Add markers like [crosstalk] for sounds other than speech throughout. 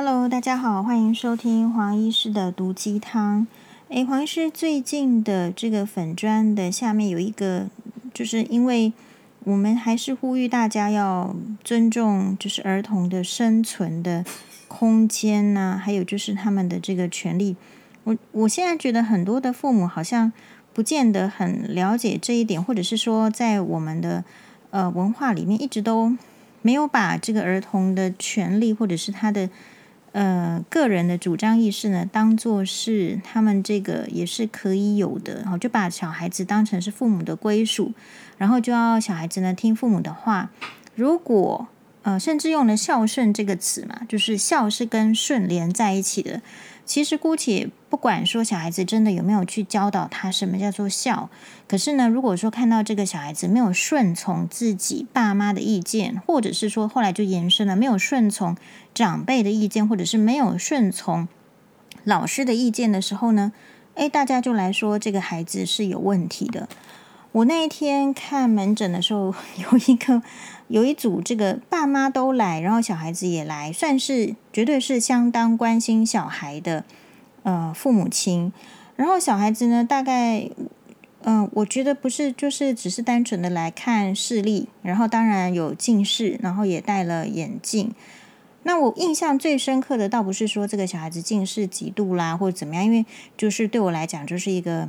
Hello，大家好，歡迎收聽黃醫師的毒雞湯。誒，黃醫師最近的這個粉專的下面有一個，就是因為我們還是呼籲大家要尊重，就是兒童的生存的空間呢、啊，還有就是他們的這個權利。我我現在覺得很多的父母好像不見得很了解這一點，或者是說在我們的呃文化裡面，一直都沒有把這個兒童的權利或者是他的。呃，個人的主張意識呢，當做是他們這個也是可以有的，然後就把小孩子當成是父母的歸屬，然後就要小孩子呢聽父母的話。如果呃，甚至用了孝順這個詞嘛，就是孝是跟順連在一起的。其實，姑且不管說小孩子真的有沒有去教導他什麼叫做孝，可是呢，如果說看到這個小孩子沒有順從自己爸媽的意見，或者是說後來就延伸了沒有順從長輩的意見，或者是沒有順從老師的意見的時候呢，誒，大家就來說這個孩子是有問題的。我那一天看門診的時候，有一個有一組這個爸媽都來，然後小孩子也來，算是絕對是相當關心小孩的呃父母親。然後小孩子呢，大概嗯、呃，我覺得不是就是只是單純的來看視力，然後當然有近視，然後也戴了眼鏡。那我印象最深刻的，倒不是說這個小孩子近視幾度啦，或者怎麼樣，因為就是對我來講，就是一個。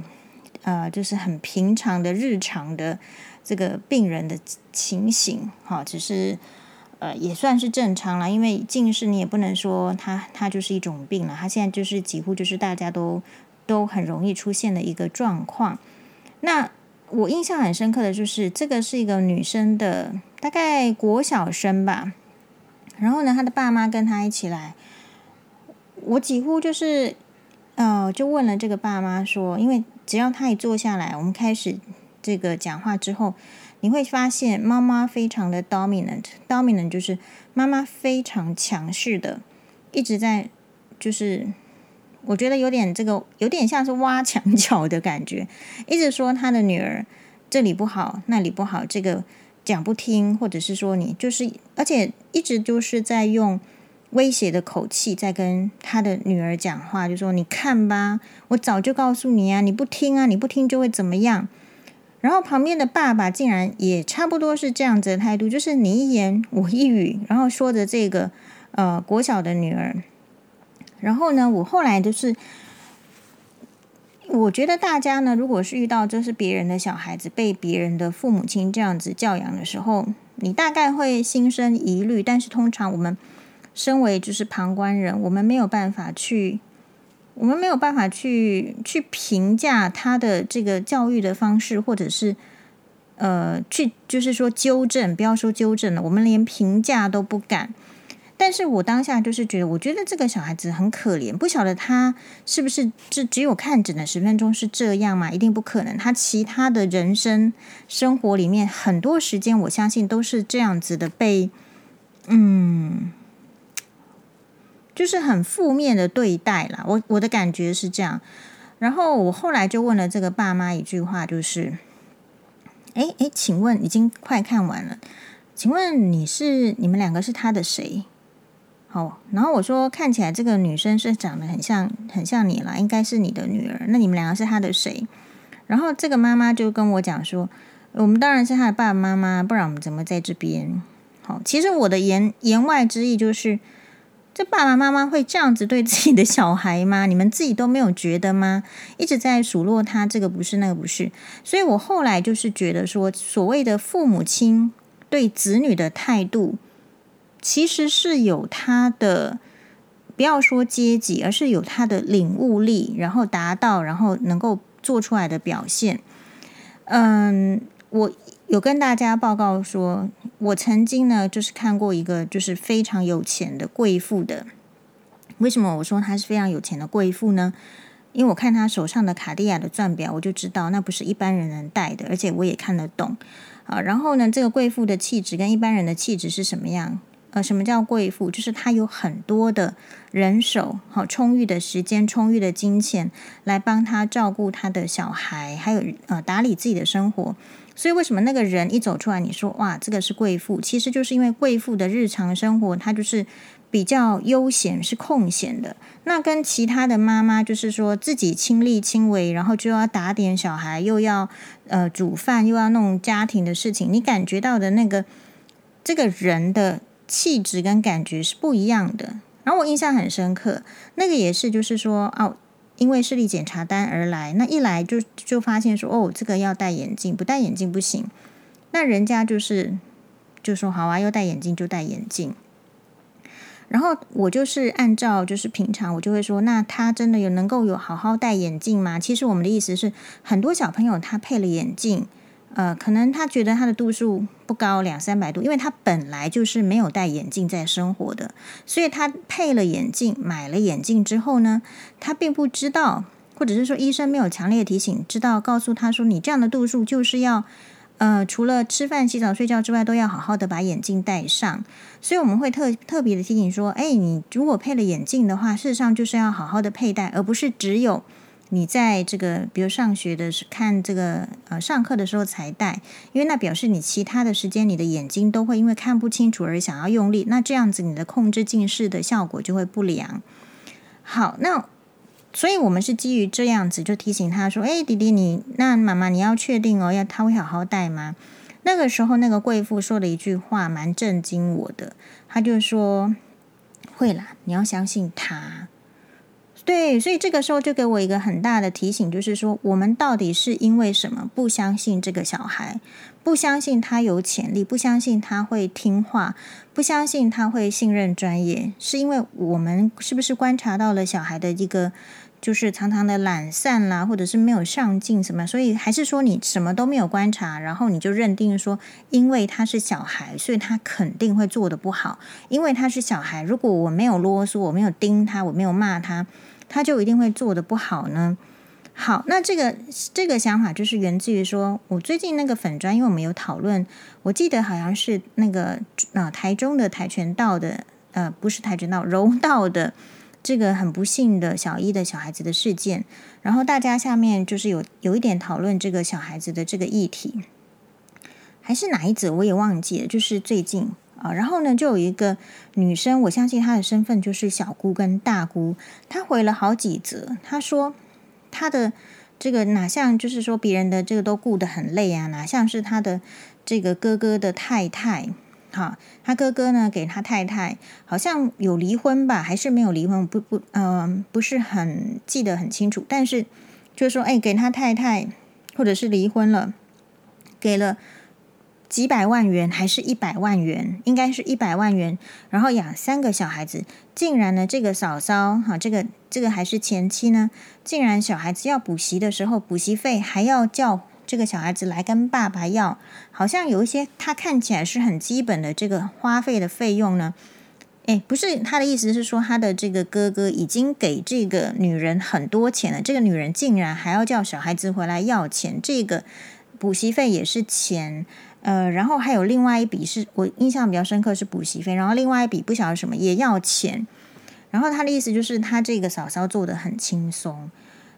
呃，就是很平常的日常的這個病人的情形，哈、哦，只是呃也算是正常了。因為近視，你也不能說他他就是一種病了。他現在就是幾乎就是大家都都很容易出現的一個狀況。那我印象很深刻的就是這個是一個女生的，大概國小生吧。然後呢，她的爸媽跟她一起來，我幾乎就是呃就問了這個爸媽說，因為。只要他一坐下來，我們開始這個講話之後，你會發現媽媽非常的 dominant，dominant 就是媽媽非常強勢的，一直在就是我覺得有點這個有點像是挖牆腳的感覺，一直說他的女兒這裡不好那裡不好，這個講不聽，或者是說你就是，而且一直就是在用威脅的口氣在跟他的女兒講話，就說：“你看吧，我早就告訴你啊，你不聽啊，你不聽就會怎麼樣。”然後旁邊的爸爸竟然也差不多是這樣子的態度，就是你一言我一語，然後說着這個呃國小的女兒。然後呢，我後來就是，我覺得大家呢，如果是遇到就是別人的小孩子被別人的父母親這樣子教養的時候，你大概會心生疑慮，但是通常我們。身為就是旁觀人，我們沒有辦法去，我們沒有辦法去去評價他的這個教育的方式，或者是呃，去就是說糾正，不要說糾正了，我們連評價都不敢。但是我當下就是覺得，我覺得這個小孩子很可憐，不曉得他是不是只只有看診的十分鐘是這樣嘛？一定不可能，他其他的人生生活裡面很多時間，我相信都是這樣子的被嗯。就是很負面的對待啦，我我的感覺是這樣。然後我後來就問了這個爸媽一句話，就是：誒，誒，請問已經快看完了，請問你是你們兩個是他的誰？好，然後我說看起來這個女生是長得很像很像你啦，應該是你的女兒。那你們兩個是他的誰？然後這個媽媽就跟我講說：我們當然是他的爸爸媽媽，不然我們怎麼在這邊？好，其實我的言言外之意就是。這爸爸媽，媽媽會這樣子對自己的小孩嗎？你們自己都沒有覺得嗎？一直在數落他，這個不是，那個不是。所以我後來就是覺得說，所謂的父母親對子女的態度，其實是有他的，不要說階級，而是有他的領悟力，然後達到，然後能夠做出來的表現。嗯，我有跟大家報告說。我曾經呢，就是看過一個就是非常有錢的貴婦的。為什麼我說她是非常有錢的貴婦呢？因為我看她手上的卡地亞的鑽錶，我就知道那不是一般人能戴的，而且我也看得懂。啊，然後呢，這個貴婦的氣質跟一般人的氣質是什麼樣？呃，什麼叫貴婦？就是他有很多的人手，好、哦、充裕的時間，充裕的金錢，來幫他照顧他的小孩，還有呃打理自己的生活。所以為什麼那個人一走出來，你說哇，這個是貴婦？其實就是因為貴婦的日常生活，她就是比較悠閒，是空閒的。那跟其他的媽媽，就是說自己親力親為，然後就要打點小孩，又要呃煮飯，又要弄家庭的事情，你感覺到的那個這個人的。氣質跟感覺是不一樣的。然後我印象很深刻，那個也是，就是說，哦，因為視力檢查單而來，那一來就就發現說，哦，這個要戴眼鏡，不戴眼鏡不行。那人家就是就說好啊，要戴眼鏡就戴眼鏡。然後我就是按照就是平常我就會說，那他真的有能夠有好好戴眼鏡嗎？其實我們的意思是，很多小朋友他配了眼鏡。呃，可能他覺得他的度數不高，兩三百度，因為他本來就是沒有戴眼鏡在生活的，所以他配了眼鏡，買了眼鏡之後呢，他並不知道，或者是說醫生沒有強烈的提醒，知道告訴他說，你這樣的度數就是要，呃，除了吃飯、洗澡、睡覺之外，都要好好的把眼鏡戴上。所以我們會特特別的提醒說，誒，你如果配了眼鏡的話，事實上就是要好好的佩戴，而不是只有。你在這個，比如上學的時候看這個，呃，上課的時候才戴，因為那表示你其他的時間，你的眼睛都會因為看不清楚而想要用力，那這樣子你的控制近視的效果就會不良。好，那所以我們是基於這樣子就提醒他說：“哎，弟弟你，你那媽媽你要確定哦，要他會好好戴嗎？”那個時候那個貴婦說了一句話蠻震驚我的，她就說：“會啦，你要相信他。”對，所以這個時候就給我一個很大的提醒，就是說，我們到底是因為什麼不相信這個小孩，不相信他有潛力，不相信他會聽話，不相信他會信任專業，是因為我們是不是觀察到了小孩的一個就是常常的懶散啦，或者是沒有上進什麼？所以還是說你什麼都沒有觀察，然後你就認定說，因為他是小孩，所以他肯定會做得不好。因為他是小孩，如果我沒有囉嗦，我沒有盯他，我沒有罵他。他就一定會做得不好呢？好，那這個這個想法就是源自於說，我最近那個粉專。因為我們有討論，我記得好像是那個啊、呃，台中的跆拳道的，呃，不是跆拳道，柔道的，這個很不幸的小一的小孩子的事件，然後大家下面就是有有一點討論這個小孩子的這個議題，還是哪一則我也忘記了，就是最近。啊，然後呢，就有一個女生，我相信她的身份就是小姑跟大姑，她回了好幾則，她說她的這個哪像，就是說別人的這個都顧得很累啊，哪像是她的這個哥哥的太太。哈、啊，她哥哥呢給她太太好像有離婚吧，還是沒有離婚？不不，嗯、呃，不是很記得很清楚，但是就是說，哎，給她太太或者是離婚了，給了。幾百萬元還是一百萬元？應該是一百萬元。然後養三個小孩子，竟然呢，這個嫂嫂哈、啊，這個這個還是前妻呢，竟然小孩子要補習的時候，補習費還要叫這個小孩子來跟爸爸要，好像有一些他看起來是很基本的這個花費的費用呢。誒，不是，他的意思是說，他的這個哥哥已經給這個女人很多錢了，這個女人竟然還要叫小孩子回來要錢，這個補習費也是錢。呃，然後還有另外一筆是我印象比較深刻是補習費，然後另外一筆不曉得什麼也要錢，然後他的意思就是他這個嫂嫂，做得很輕鬆。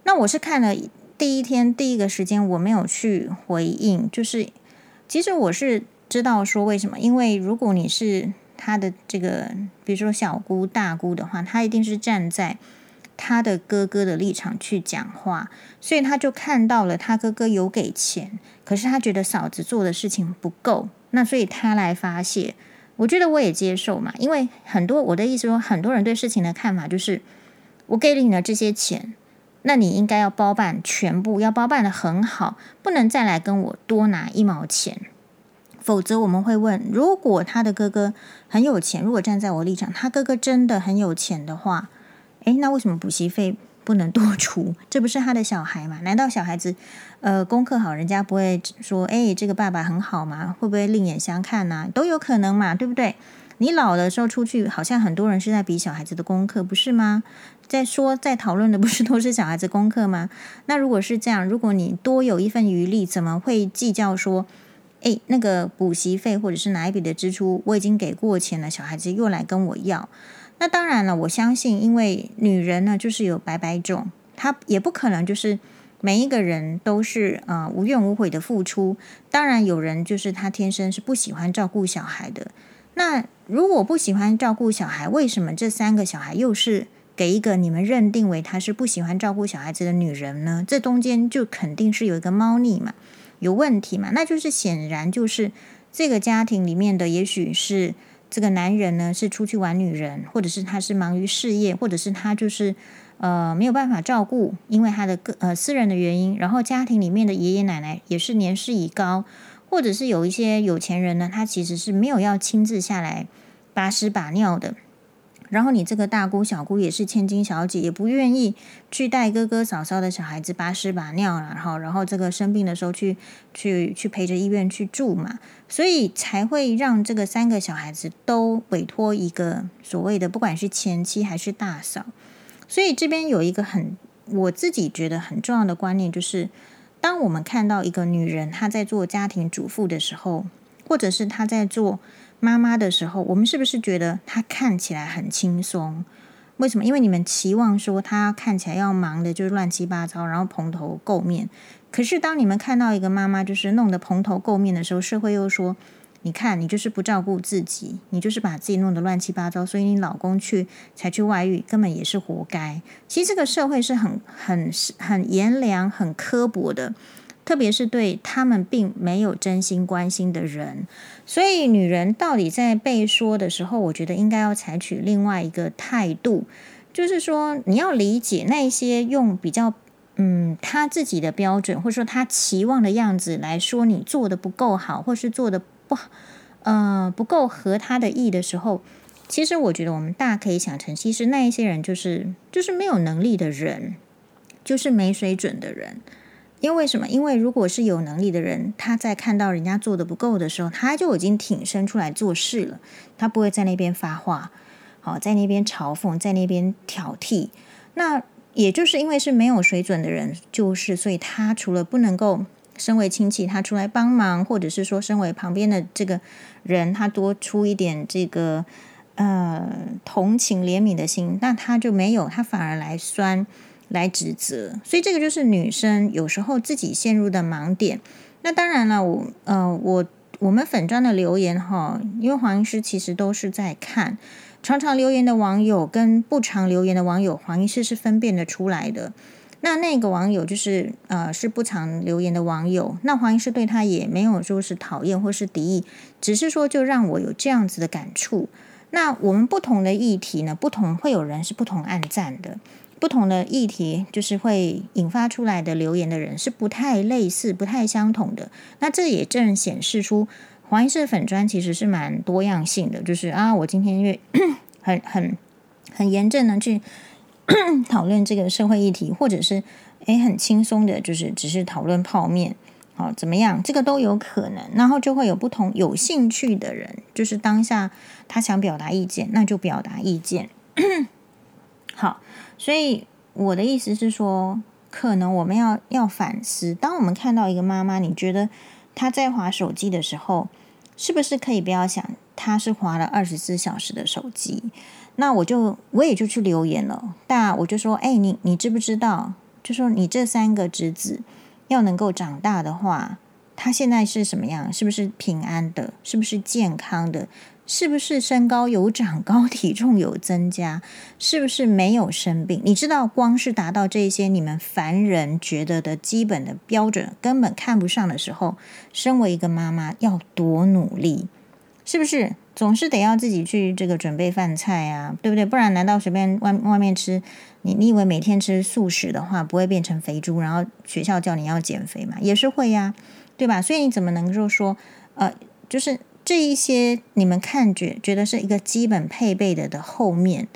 那我是看了第一天第一個時間我沒有去回應，就是其實我是知道說為什麼，因為如果你是他的這個比如說小姑、大姑的話，他一定是站在。他的哥哥的立場去講話，所以他就看到了他哥哥有給錢，可是他覺得嫂子做的事情不夠，那所以他來發洩。我覺得我也接受嘛，因為很多，我的意思說，很多人對事情的看法就是，我給了你的這些錢，那你應該要包辦全部，要包辦得很好，不能再來跟我多拿一毛錢，否則我們會問。如果他的哥哥很有錢，如果站在我立場，他哥哥真的很有錢的話，哎，那為什麼補習費不能多出？這不是他的小孩嘛？難道小孩子，呃，功課好，人家不會說，哎，這個爸爸很好嘛？會不會另眼相看呢、啊？都有可能嘛，對不對？你老的時候出去，好像很多人是在比小孩子的功課，不是嗎？在說，在討論的不是都是小孩子功課嗎？那如果是這樣，如果你多有一份餘力，怎麼會計較說，哎，那個補習費或者是哪一筆的支出，我已經給過錢了，小孩子又來跟我要？那當然了，我相信，因為女人呢，就是有百百種，她也不可能就是每一個人都是呃無怨無悔的付出。當然，有人就是她天生是不喜歡照顧小孩的。那如果不喜歡照顧小孩，為什麼這三個小孩又是給一個你們認定為她是不喜歡照顧小孩子的女人呢？這中間就肯定是有一個貓膩嘛，有問題嘛？那就是顯然就是這個家庭裡面的也許是。這個男人呢，是出去玩女人，或者是他是忙於事業，或者是他就是呃沒有辦法照顧，因為他的個呃私人的原因。然後家庭裡面的爺爺奶奶也是年事已高，或者是有一些有錢人呢，他其實是沒有要親自下來把屎把尿的。然後你這個大姑小姑也是千金小姐，也不願意去帶哥哥嫂嫂的小孩子把屎把尿了，然後然後這個生病的時候去去去陪着醫院去住嘛，所以才會讓這個三個小孩子都委托一個所謂的不管是前妻還是大嫂，所以這邊有一個很我自己覺得很重要的觀念，就是當我們看到一個女人她在做家庭主婦的時候，或者是她在做。媽媽的時候，我們是不是覺得她看起來很輕鬆？為什麼？因為你們期望說她看起來要忙的就是亂七八糟，然後蓬頭垢面。可是當你們看到一個媽媽就是弄得蓬頭垢面的時候，社會又說：你看你就是不照顧自己，你就是把自己弄得亂七八糟，所以你老公去才去外遇，根本也是活該。其實這個社會是很、很、很炎涼、很刻薄的。特別是對他們並沒有真心關心的人，所以女人到底在被說的時候，我覺得應該要採取另外一個態度，就是說你要理解那一些用比較嗯他自己的標準或者說他期望的樣子來說你做的不夠好，或是做的不好，嗯、呃，不夠合他的意的時候，其實我覺得我們大可以想成，其實那一些人就是就是沒有能力的人，就是沒水準的人。因為，為什麼？因為如果是有能力的人，他在看到人家做的不夠的時候，他就已經挺身出來做事了，他不會在那邊發話，好，在那邊嘲諷，在那邊挑剔。那也就是因為是沒有水準的人，就是，所以他除了不能夠身為親戚他出來幫忙，或者是說身為旁邊的這個人，他多出一點這個呃同情憐憫的心，那他就沒有，他反而來酸，來指責，所以這個就是女生有時候自己陷入的盲點。那當然了，我呃，我我們粉專的留言哈，因為黃醫師其實都是在看，常常留言的網友跟不常留言的網友，黃醫師是分辨得出來的。那那個網友就是呃是不常留言的網友，那黃醫師對他也沒有說是討厭或是敵意，只是說就讓我有這樣子的感觸。那我們不同的議題呢，不同會有人是不同按讚的。不同的議題就是會引發出來的留言的人是不太類似，不太相同的。那這也正顯示出黃醫師粉專其實是蠻多樣性的，就是啊，我今天因為很很很嚴正的去 [coughs] 討論這個社會議題，或者是哎很輕鬆的，就是只是討論泡麵，好怎麼樣，這個都有可能。然後就會有不同有興趣的人，就是當下他想表達意見，那就表達意見。 [coughs] 好。所以我的意思是說，可能我們要要反思，當我們看到一個媽媽，你覺得她在滑手機的時候，是不是可以不要想她是滑了二十四小時的手機？那我就我也就去留言了，但我就說，哎，你你知不知道？就說你這三個侄子要能夠長大的話，他現在是什麼樣？是不是平安的？是不是健康的？是不是身高有長高，體重有增加？是不是沒有生病？你知道，光是達到這些，你們凡人覺得的基本的標準，根本看不上的時候，身為一個媽媽要多努力？是不是總是得要自己去這個準備飯菜啊？對不對？不然難道隨便外外面吃？你你以為每天吃素食的話，不會變成肥豬？然後學校叫你要減肥嘛？也是會呀，對吧？所以你怎麼能夠說，呃，就是？這一些你們看覺覺得是一個基本配備的的後面，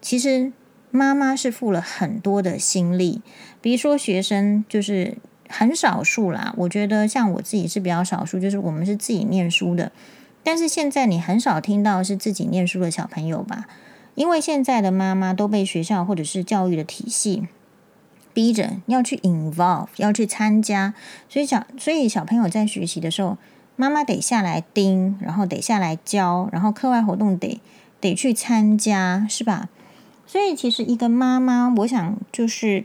其實媽媽是付了很多的心力。比如說學生就是很少數啦，我覺得像我自己是比較少數，就是我們是自己念書的。但是現在你很少聽到是自己念書的小朋友吧？因為現在的媽媽都被學校或者是教育的體系逼着要去 involve，要去參加，所以小，所以小朋友在學習的時候。媽媽得下來盯，然後得下來教，然後課外活動得得去參加，是吧？所以其實一個媽媽，我想就是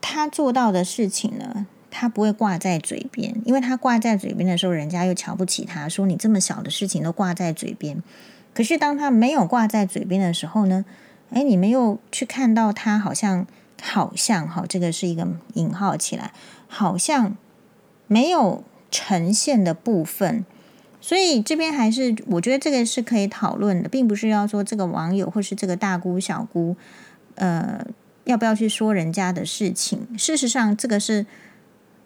她做到的事情呢，她不會掛在嘴邊，因為她掛在嘴邊的時候，人家又瞧不起她，說你這麼小的事情都掛在嘴邊。可是當她沒有掛在嘴邊的時候呢，哎，你們又去看到她好像好像好，這個是一個引號起來，好像沒有。呈現的部分，所以這邊還是我覺得這個是可以討論的，並不是要說這個網友或是這個大姑小姑，呃，要不要去說人家的事情。事實上，這個是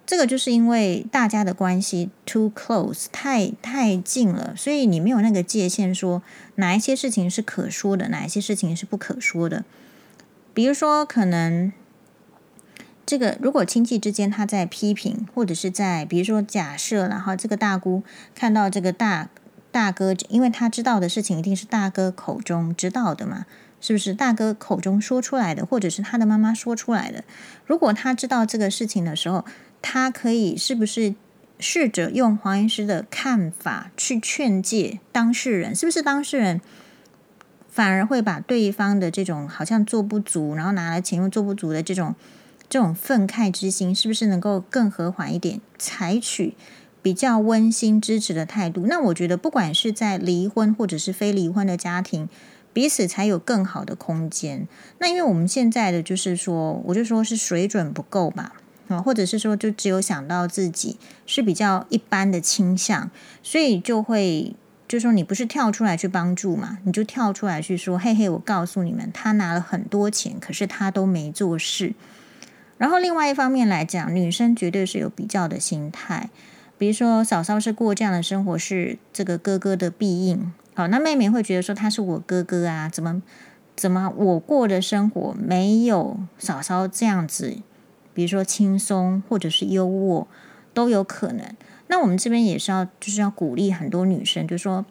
這個就是因為大家的關係 too close，太太近了，所以你沒有那個界限，說哪一些事情是可說的，哪一些事情是不可說的。比如說，可能。這個如果親戚之間他在批評，或者是在比如說假設，然後這個大姑看到這個大大哥，因為他知道的事情一定是大哥口中知道的嘛，是不是大哥口中說出來的，或者是他的媽媽說出來的？如果他知道這個事情的時候，他可以是不是試着用黃醫師的看法去勸誡當事人？是不是當事人反而會把對方的這種好像做不足，然後拿了錢又做不足的這種？這種憤慨之心是不是能夠更和緩一點，採取比較溫馨支持的態度？那我覺得，不管是在離婚或者是非離婚的家庭，彼此才有更好的空間。那因為我們現在的就是說，我就說是水準不夠吧，啊，或者是說就只有想到自己是比較一般的傾向，所以就會就說你不是跳出來去幫助嘛，你就跳出來去說，嘿嘿，我告訴你們，他拿了很多錢，可是他都沒做事。然後另外一方面來講，女生絕對是有比較的心態，比如說嫂嫂是過這樣的生活，是這個哥哥的必應。好、哦，那妹妹會覺得說，他是我哥哥啊，怎麼怎麼我過的生活沒有嫂嫂這樣子，比如說輕鬆或者是優渥都有可能。那我們這邊也是要，就是要鼓勵很多女生，就是說，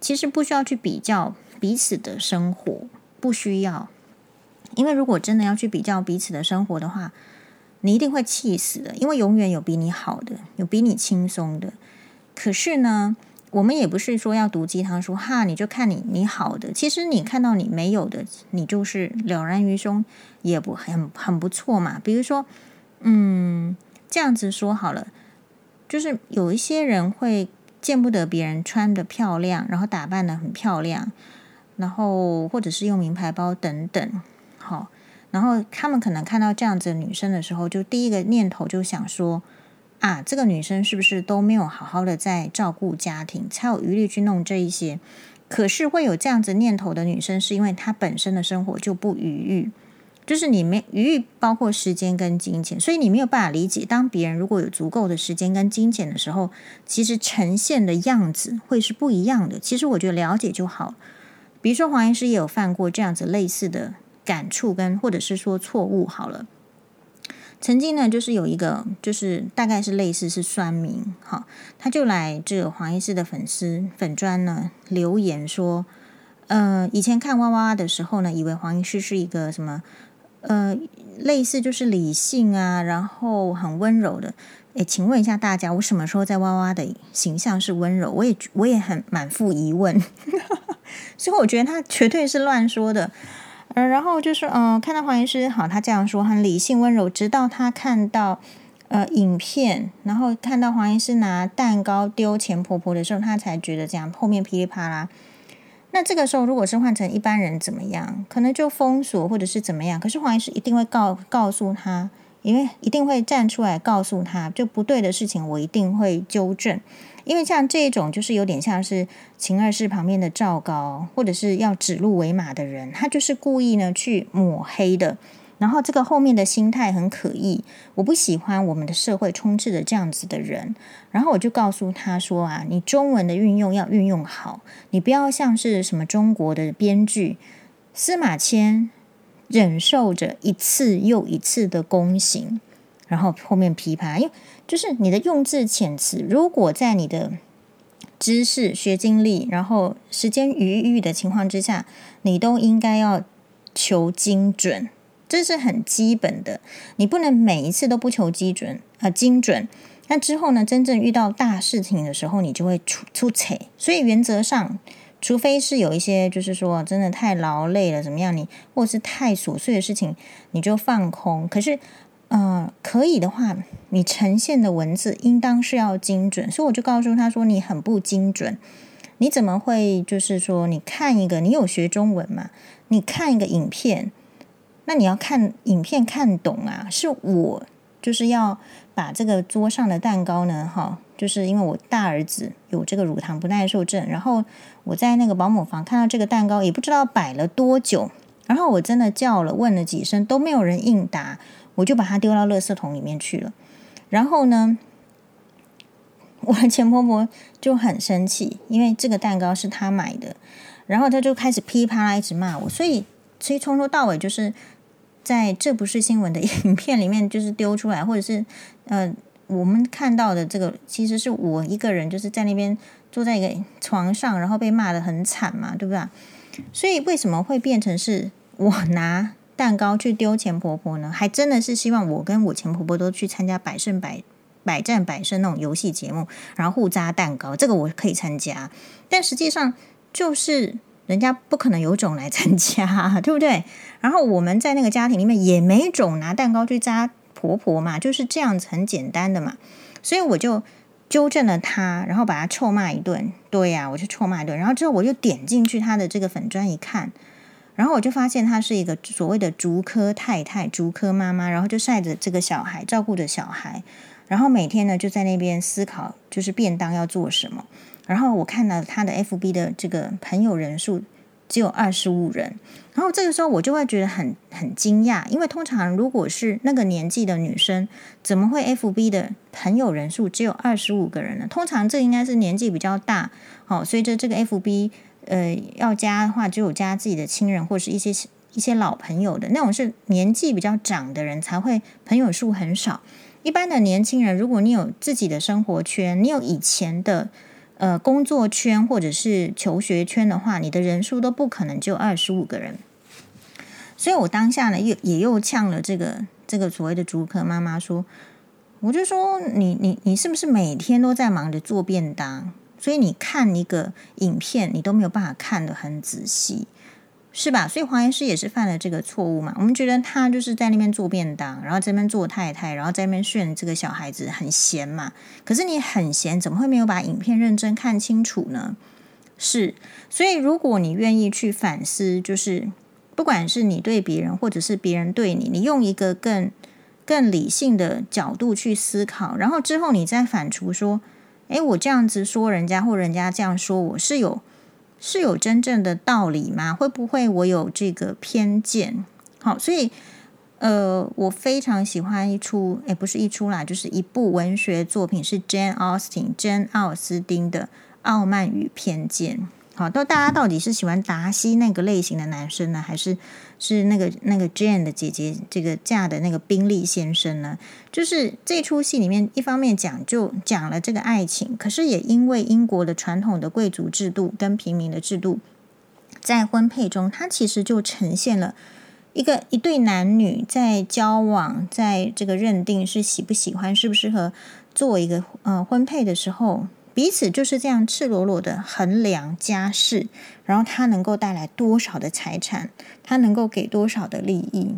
其實不需要去比較彼此的生活，不需要。因為如果真的要去比較彼此的生活的話，你一定會氣死的。因為永遠有比你好的，有比你輕鬆的。可是呢，我們也不是說要讀雞湯書，說哈，你就看你你好的。其實你看到你沒有的，你就是了然於胸，也不很很不錯嘛。比如說，嗯，這樣子說好了，就是有一些人會見不得別人穿得漂亮，然後打扮得很漂亮，然後或者是用名牌包等等。然後他們可能看到這樣子的女生的時候，就第一個念頭就想說：啊，這個女生是不是都沒有好好的在照顧家庭，才有餘力去弄這一些？可是會有這樣子念頭的女生，是因為她本身的生活就不餘裕，就是你沒餘裕，包括時間跟金錢，所以你沒有辦法理解。當別人如果有足夠的時間跟金錢的時候，其實呈現的樣子會是不一樣的。其實我覺得了解就好。比如說黃醫師也有犯過這樣子類似的。感觸跟，或者是說錯誤好了。曾經呢，就是有一個，就是大概是類似是酸民哈，他就來這個黃醫師的粉絲粉專呢留言說：“嗯、呃，以前看哇哇的時候呢，以為黃醫師是一個什麼呃類似就是理性啊，然後很溫柔的。誒，請問一下大家，我什麼時候在哇哇的形象是溫柔？我也我也很滿腹疑問。 [laughs] 所以我覺得他絕對是亂說的。”嗯，然後就是，嗯、呃，看到黃醫師好，他這樣說很理性溫柔。直到他看到呃影片，然後看到黃醫師拿蛋糕丟錢婆婆的時候，他才覺得這樣後面噼裡啪啦。那這個時候如果是換成一般人怎麼樣？可能就封鎖或者是怎麼樣？可是黃醫師一定會告告訴他，因為一定會站出來告訴他，就不對的事情我一定會糾正。因為像這種就是有點像是秦二世旁邊的趙高，或者是要指鹿為馬的人，他就是故意呢去抹黑的。然後這個後面的心態很可疑。我不喜歡我們的社會充斥着這樣子的人。然後我就告訴他說啊，你中文的運用要運用好，你不要像是什麼中國的編劇司馬遷忍受着一次又一次的宮刑，然後後面批判，因為。就是你的用字遣詞，如果在你的知識、學經歷，然後時間餘裕的情況之下，你都應該要求精準，這是很基本的。你不能每一次都不求精準啊、呃，精準。那之後呢，真正遇到大事情的時候，你就會出出彩。所以原則上，除非是有一些就是說真的太勞累了怎麼樣，你或是太瑣碎的事情，你就放空。可是。嗯、呃，可以的話，你呈現的文字應當是要精準，所以我就告訴他說：“你很不精準，你怎麼會就是說，你看一個，你有學中文嗎？你看一個影片，那你要看影片看懂啊。”是我就是要把這個桌上的蛋糕呢，哈，就是因為我大兒子有這個乳糖不耐受症，然後我在那個保姆房看到這個蛋糕，也不知道擺了多久，然後我真的叫了問了幾聲，都沒有人應答。我就把它丟到垃圾桶裡面去了。然後呢，我的前婆婆就很生氣，因為這個蛋糕是她買的。然後她就開始噼里啪啦一直罵我。所以，所以從頭到尾就是在這不是新聞的影片裡面，就是丟出來，或者是呃，我們看到的這個，其實是我一個人就是在那邊坐在一個床上，然後被罵得很慘嘛，對不對？所以為什麼會變成是我拿？蛋糕去丟前婆婆呢？還真的是希望我跟我前婆婆都去參加百勝百百戰百勝那種遊戲節目，然後互扎蛋糕，這個我可以參加。但實際上就是人家不可能有種來參加，對不對？然後我們在那個家庭裡面也沒種拿蛋糕去扎婆婆嘛，就是這樣子很簡單的嘛。所以我就糾正了她，然後把她臭罵一頓。對呀、啊，我就臭罵一頓。然後之後我就點進去她的這個粉專一看。然後我就發現她是一個所謂的“竹科太太”、“竹科媽媽”，然後就曬着這個小孩，照顧着小孩，然後每天呢就在那邊思考，就是便當要做什麼。然後我看到她的 FB 的這個朋友人數只有二十五人，然後這個時候我就會覺得很很驚訝，因為通常如果是那個年紀的女生，怎麼會 FB 的朋友人數只有二十五個人呢？通常這應該是年紀比較大，哦。所以這這個 FB。呃，要加的話，只有加自己的親人或者是一些一些老朋友的那種，是年紀比較長的人才會，朋友數很少。一般的年輕人，如果你有自己的生活圈，你有以前的呃工作圈或者是求學圈的話，你的人數都不可能就二十五個人。所以我當下呢，又也，也又嗆了這個這個所謂的主客媽媽說，我就說你你你是不是每天都在忙着做便當？所以你看一個影片，你都沒有辦法看得很仔細，是吧？所以黃醫師也是犯了這個錯誤嘛。我們覺得他就是在那邊做便當，然後這邊做太太，然後在那邊訓這個小孩子很閒嘛。可是你很閒，怎麼會沒有把影片認真看清楚呢？是，所以如果你願意去反思，就是不管是你對別人，或者是別人對你，你用一個更更理性的角度去思考，然後之後你再反芻說。哎，我這樣子說人家，或人家這樣說我，是有是有真正的道理嗎？會不會我有這個偏見？好，所以呃，我非常喜歡一出，哎，不是一出啦，就是一部文學作品，是 Jane Austen，Jane 奧斯汀的《傲慢與偏見》。好，到大家到底是喜歡達西那個類型的男生呢，還是是那個那個 Jane 的姐姐這個嫁的那個賓利先生呢？就是這出戲裡面，一方面講就講了這個愛情，可是也因為英國的傳統的貴族制度跟平民的制度，在婚配中，它其實就呈現了一個一對男女在交往，在這個認定是喜不喜歡、適不適合做一個呃婚配的時候。彼此就是這樣赤裸裸的衡量家世，然後他能夠帶來多少的財產，他能夠給多少的利益。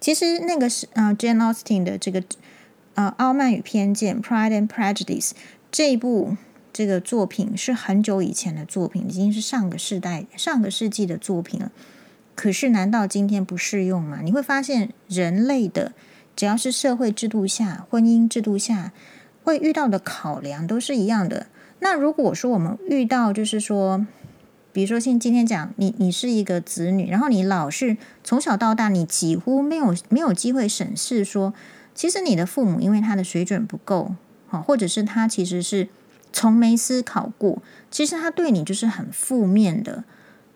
其實那個是啊、呃，Jane Austen 的這個啊、呃《傲慢與偏見》（Pride and Prejudice） 這部這個作品是很久以前的作品，已經是上個世代、上個世紀的作品了。可是難道今天不適用嗎？你會發現，人類的只要是社會制度下、婚姻制度下。會遇到的考量都是一樣的。那如果說我們遇到，就是說，比如說，像今天講你，你是一個子女，然後你老是從小到大，你幾乎沒有沒有機會審視說，其實你的父母因為他的水準不夠，或者是他其實是從沒思考過，其實他對你就是很負面的，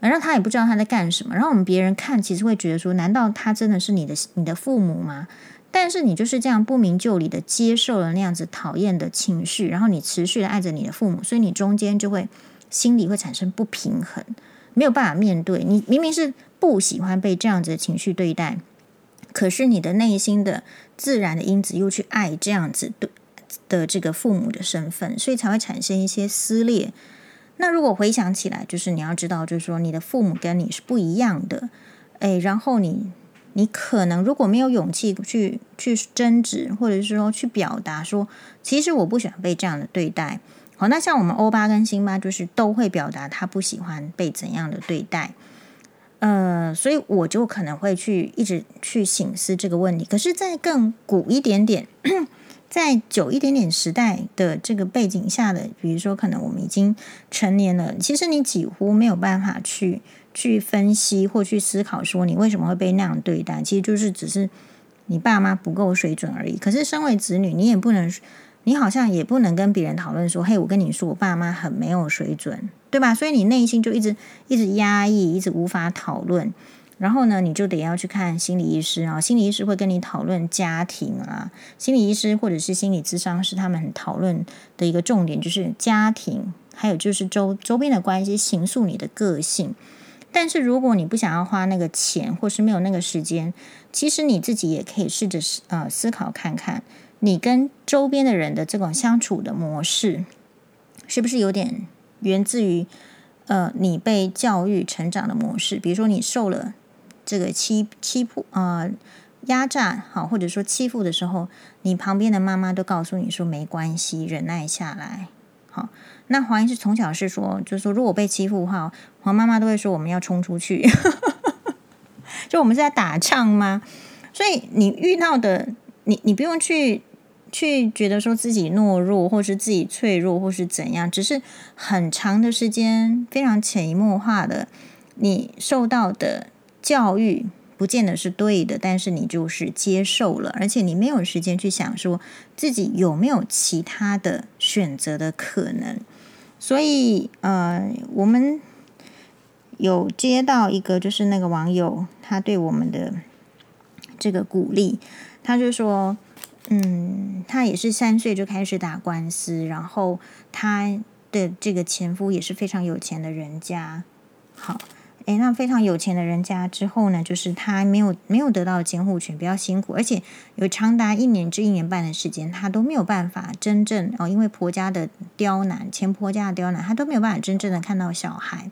然後他也不知道他在幹什麼。然後我們別人看，其實會覺得說，難道他真的是你的你的父母嗎？但是你就是這樣不明就裡的接受了那樣子討厭的情緒，然後你持續的愛着你的父母，所以你中間就會心裡會產生不平衡，沒有辦法面對。你明明是不喜歡被這樣子的情緒對待，可是你的內心的自然的因子又去愛這樣子對的，的這個父母的身份，所以才會產生一些撕裂。那如果回想起來，就是你要知道，就是說你的父母跟你是不一樣的，誒、哎，然後你。你可能如果沒有勇氣去去爭執，或者是說去表達說，其實我不喜歡被這樣的對待。好，那像我們歐巴跟辛巴就是都會表達他不喜歡被怎樣的對待。呃，所以我就可能會去一直去省思這個問題。可是，在更古一點點、在久一點點時代的這個背景下的，比如說，可能我們已經成年了，其實你幾乎沒有辦法去。去分析或去思考，說你為什麼會被那樣對待，其實就是只是你爸媽不夠水準而已。可是，身為子女，你也不能，你好像也不能跟別人討論說：“嘿，我跟你說，我爸媽很沒有水準，對吧？”所以你內心就一直一直壓抑，一直無法討論。然後呢，你就得要去看心理醫師啊、哦。心理醫師會跟你討論家庭啊，心理醫師或者是心理諮商師，他們很討論的一個重點就是家庭，還有就是周周邊的關係，形塑你的個性。但是如果你不想要花那個錢，或是沒有那個時間，其實你自己也可以試着呃思考看看，你跟周邊的人的這種相處的模式，是不是有點源自於呃你被教育成長的模式？比如說你受了這個欺欺負呃啊壓榨好，或者說欺負的時候，你旁邊的媽媽都告訴你說沒關係，忍耐下來，好。那黃英是從小是說，就是說，如果被欺負的話，黃媽媽都會說：“我們要衝出去。 [laughs] ”就我們是在打仗嗎？所以你遇到的，你你不用去去覺得說自己懦弱，或是自己脆弱，或是怎樣，只是很長的時間，非常潛移默化的，你受到的教育不見得是對的，但是你就是接受了，而且你沒有時間去想說自己有沒有其他的選擇的可能。所以，呃，我們有接到一個，就是那個網友，他對我們的這個鼓勵，他就說，嗯，他也是三歲就開始打官司，然後他的這個前夫也是非常有錢的人家，好。誒，那非常有錢的人家之後呢，就是他沒有沒有得到監護權，比較辛苦，而且有長達一年至一年半的時間，他都沒有辦法真正哦，因為婆家的刁難，前婆家的刁難，他都沒有辦法真正的看到小孩。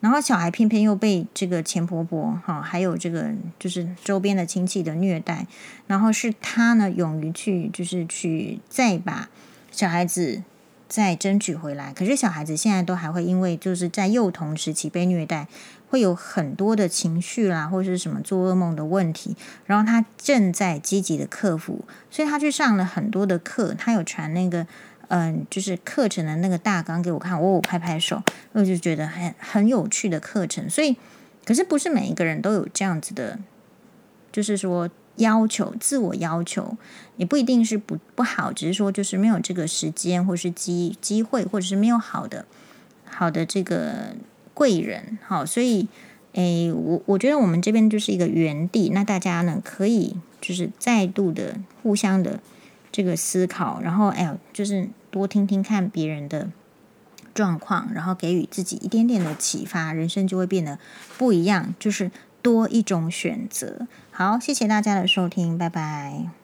然後小孩偏偏又被這個前婆婆哈、哦，還有這個就是周邊的親戚的虐待。然後是他呢，勇於去就是去再把小孩子。再爭取回來。可是小孩子現在都還會因為就是在幼童時期被虐待，會有很多的情緒啦，或者是什麼做噩夢的問題。然後他正在積極的克服，所以他去上了很多的課。他有傳那個嗯、呃，就是課程的那個大綱給我看，我、哦、拍拍手，我就覺得很很有趣的課程。所以，可是不是每一個人都有這樣子的，就是說。要求自我要求也不一定是不不好，只是說就是沒有這個時間，或是機機會或者是沒有好的好的這個貴人，好，所以誒，我我覺得我們這邊就是一個原地，那大家呢，可以就是再度的互相的這個思考，然後誒，就是多聽聽看別人的狀況，然後給予自己一點點的啟發，人生就會變得不一樣，就是多一種選擇。好，謝謝大家的收聽，拜拜。